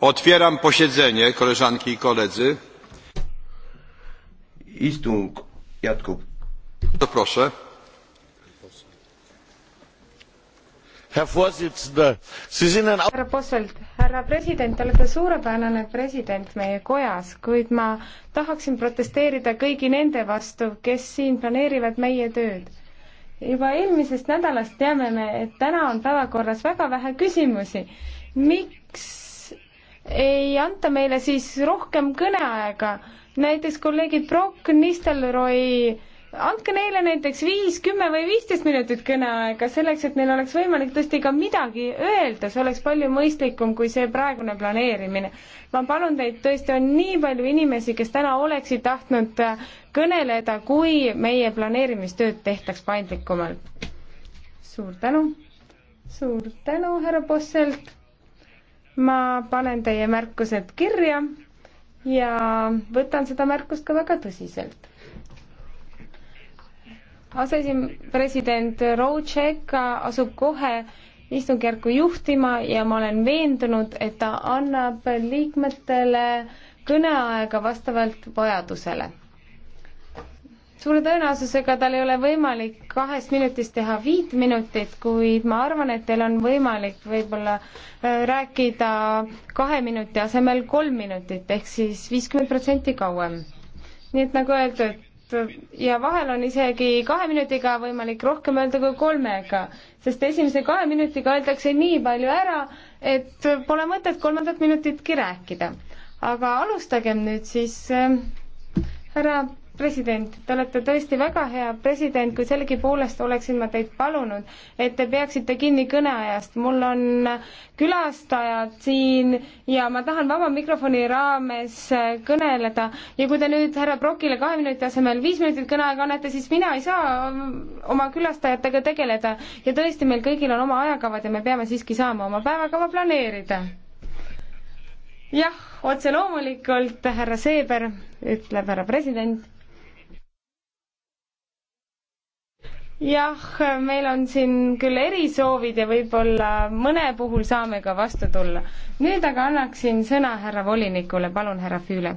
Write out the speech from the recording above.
Otwieram posiedzenie, koleżanki i koledzy. Istung jätkub. To proszę. härra Posselt, härra president, te olete suurepärane president meie kojas, kuid ma tahaksin protesteerida kõigi nende vastu, kes siin planeerivad meie tööd juba eelmisest nädalast teame me, et täna on päevakorras väga vähe küsimusi. miks ei anta meile siis rohkem kõneaega? näiteks kolleegid Brock, Nistelrooy, andke neile näiteks viis, kümme või viisteist minutit kõneaega selleks, et neil oleks võimalik tõesti ka midagi öelda, see oleks palju mõistlikum kui see praegune planeerimine. ma palun teid, tõesti on nii palju inimesi, kes täna oleksid tahtnud kõneleda, kui meie planeerimistööd tehtaks paindlikumalt. suur tänu, suur tänu, härra Posselt. ma panen teie märkused kirja ja võtan seda märkust ka väga tõsiselt aseesim-, president Rootšek asub kohe istungjärku juhtima ja ma olen veendunud, et ta annab liikmetele kõneaega vastavalt vajadusele. suure tõenäosusega tal ei ole võimalik kahest minutist teha viit minutit, kuid ma arvan, et teil on võimalik võib-olla äh, rääkida kahe minuti asemel kolm minutit ehk siis viiskümmend protsenti kauem. nii et nagu öeldud, ja vahel on isegi kahe minutiga võimalik rohkem öelda kui kolmega, sest esimese kahe minutiga öeldakse nii palju ära, et pole mõtet kolmandat minutitki rääkida. aga alustagem nüüd siis äh, härra äh, president, te olete tõesti väga hea president, kuid sellegipoolest oleksin ma teid palunud, et te peaksite kinni kõneajast. mul on külastajad siin ja ma tahan vaba mikrofoni raames äh, kõneleda ja kui te nüüd härra Brokile kahe minuti asemel viis minutit kõneaega annate, siis mina ei saa ähm, oma külastajatega tegeleda ja tõesti, meil kõigil on oma ajakavad ja me peame siiski saama oma päevakava planeerida. jah, otse loomulikult, härra Seeber, ütleb härra president jah, meil on siin küll erisoovid ja võib-olla mõne puhul saame ka vastu tulla. nüüd aga annaksin sõna härra volinikule, palun, härra Füüle.